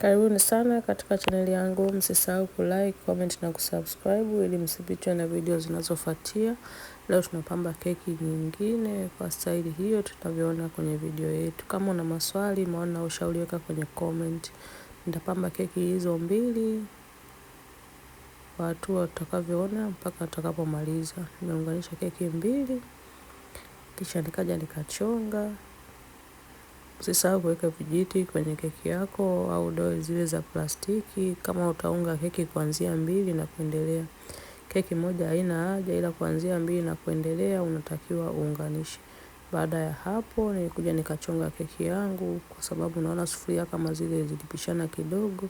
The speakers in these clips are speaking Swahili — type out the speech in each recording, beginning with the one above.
Karibuni sana katika chaneli yangu, msisahau like, comment na kusubscribe ili msipitwe na video zinazofuatia. Leo tunapamba keki nyingine kwa staili hiyo tutavyoona kwenye video yetu. Kama una maswali, maoni au ushauri, weka kwenye comment. Nitapamba keki hizo mbili kwa hatua utakavyoona mpaka utakapomaliza. Nimeunganisha keki mbili kisha nikaja nikachonga Usisahau kuweka vijiti kwenye keki yako au dough zile za plastiki kama utaunga keki kuanzia mbili na kuendelea. Keki moja haina haja ila kuanzia mbili na kuendelea unatakiwa uunganishe. Baada ya hapo nilikuja nikachonga keki yangu kwa sababu naona sufuria kama zile zilipishana kidogo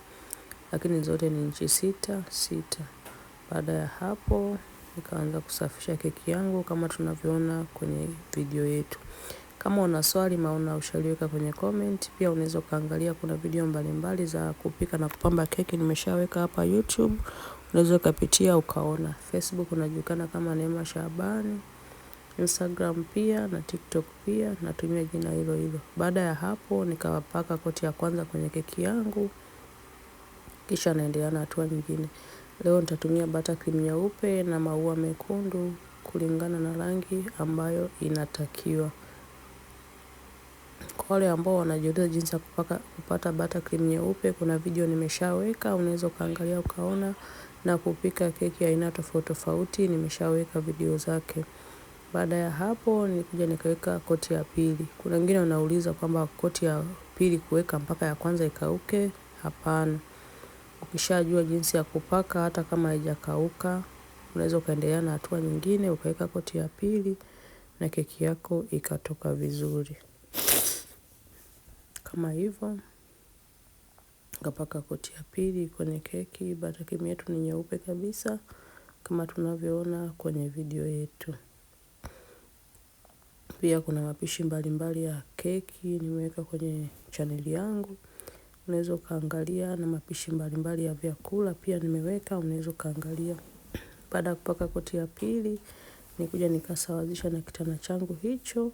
lakini zote ni inchi sita sita. Baada ya hapo nikaanza kusafisha keki yangu kama tunavyoona kwenye video yetu. Kama una swali maana ushaliweka kwenye comment, pia unaweza ukaangalia kuna video mbalimbali mbali za kupika na kupamba keki nimeshaweka hapa YouTube. Unaweza ukapitia ukaona. Facebook unajulikana kama Neema Shabani. Instagram pia na TikTok pia natumia jina hilo hilo. Baada ya hapo nikawapaka koti ya kwanza kwenye keki yangu. Kisha naendelea na hatua nyingine. Leo nitatumia buttercream nyeupe na maua mekundu kulingana na rangi ambayo inatakiwa. Kwa wale ambao wanajiuliza jinsi ya kupaka, kupata butter cream nyeupe, kuna video nimeshaweka, unaweza ukaangalia ukaona, na kupika keki aina tofauti tofauti, nimeshaweka video zake. Baada ya hapo nilikuja nikaweka koti ya pili. Kuna wengine wanauliza kwamba koti ya pili kuweka mpaka ya kwanza ikauke? Hapana, ukishajua jinsi ya kupaka, hata kama haijakauka unaweza ukaendelea na hatua nyingine ukaweka koti ya pili na keki yako ikatoka vizuri. Kama hivyo, nikapaka koti ya pili kwenye keki. Barakimu yetu ni nyeupe kabisa kama tunavyoona kwenye video yetu. Pia kuna mapishi mbalimbali ya keki nimeweka kwenye chaneli yangu. Unaweza ukaangalia na mapishi mbalimbali ya vyakula pia nimeweka, unaweza ukaangalia. Baada ya kupaka koti ya pili, nikuja nikasawazisha na kitana changu hicho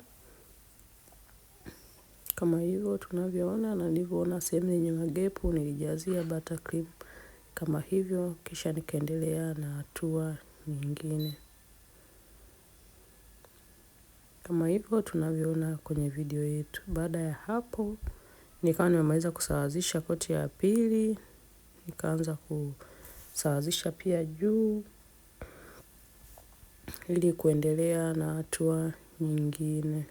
kama hivyo tunavyoona na nilivyoona sehemu yenye magepu nilijazia buttercream kama hivyo, kisha nikaendelea na hatua nyingine kama hivyo tunavyoona kwenye video yetu. Baada ya hapo, nikawa nimemaliza kusawazisha koti ya pili, nikaanza kusawazisha pia juu ili kuendelea na hatua nyingine.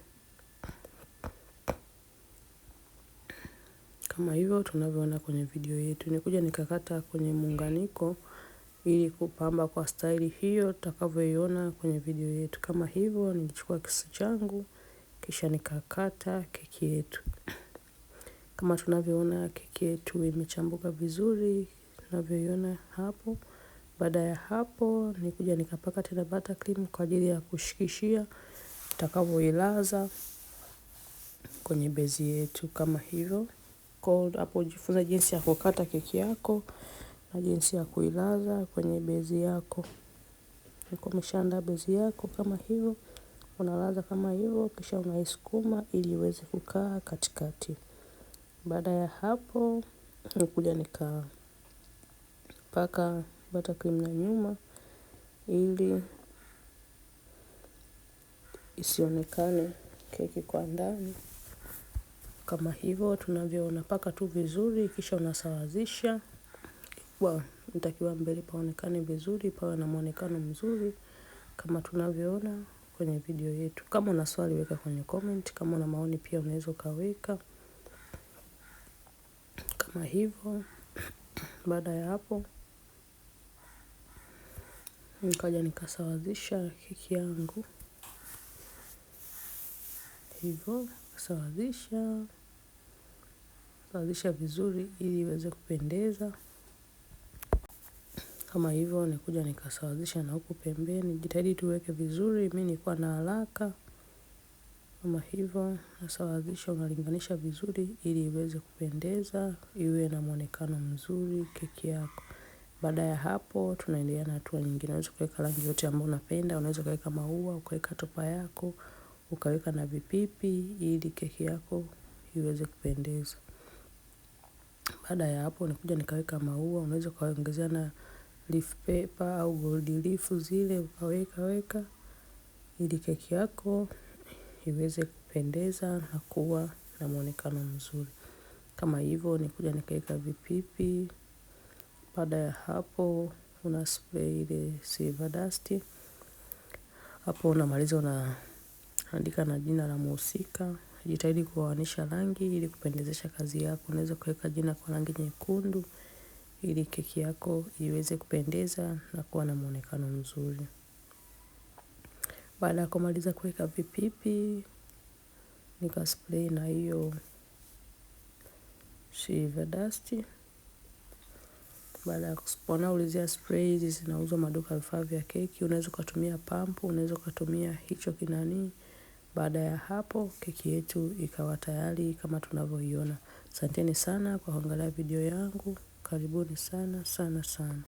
kama hivyo tunavyoona kwenye video yetu. Nikuja nikakata kwenye muunganiko ili kupamba kwa staili hiyo tutakavyoiona kwenye video yetu. Kama hivyo nilichukua kisu changu kisha nikakata keki yetu. Kama tunavyoona keki yetu imechambuka vizuri tunavyoiona hapo. Baada ya hapo nikuja nikapaka tena buttercream kwa ajili ya kushikishia tutakavyoilaza kwenye bezi yetu kama hivyo cold. hapo ujifunza jinsi ya kukata keki yako na jinsi ya kuilaza kwenye bezi yako. Ulikuwa umeshaandaa bezi yako kama hivyo unalaza kama hivo, kisha unaisukuma ili iweze kukaa katikati. Baada ya hapo, nikuja nikapaka bata cream na nyuma ili isionekane keki kwa ndani kama hivyo tunavyoona paka tu vizuri kisha unasawazisha kwa nitakiwa mbele paonekane vizuri pawe na mwonekano mzuri kama tunavyoona kwenye video yetu. Kama una swali weka kwenye comment, kama una maoni pia unaweza ukaweka kama hivyo. Baada ya hapo nikaja nikasawazisha keki yangu hivyo, sawazisha kusawazisha vizuri ili iweze kupendeza. Kama hivyo nikuja nikasawazisha na huku pembeni, jitahidi tuweke vizuri, Mimi nilikuwa na haraka. Kama hivyo nasawazisha unalinganisha vizuri ili iweze kupendeza, iwe na mwonekano mzuri keki yako. Baada ya hapo, tunaendelea na hatua nyingine, unaweza kuweka rangi yote ambayo unapenda, unaweza ukaweka maua, ukaweka topa yako, ukaweka na vipipi, ili keki yako iweze kupendeza. Baada ya hapo nikuja nikaweka maua, unaweza ukaongezea na leaf paper au gold leaf zile ukaweka weka ili keki yako iweze kupendeza na kuwa na muonekano mzuri. Kama hivyo nikuja nikaweka vipipi. Baada ya hapo una spray ile silver dust. Hapo unamaliza unaandika na jina la mhusika. Jitahidi kuoanisha rangi ili kupendezesha kazi yako. Unaweza kuweka jina kwa rangi nyekundu ili keki yako iweze kupendeza na kuwa na mwonekano mzuri. Baada ya kumaliza kuweka vipipi, nika spray na hiyo shiva dust. Baada ya kuspona spray hizi zinauzwa maduka ya vifaa vya keki, unaweza ukatumia pampu, unaweza ukatumia hicho kinani. Baada ya hapo, keki yetu ikawa tayari kama tunavyoiona. Asanteni sana kwa kuangalia video yangu. Karibuni sana sana sana.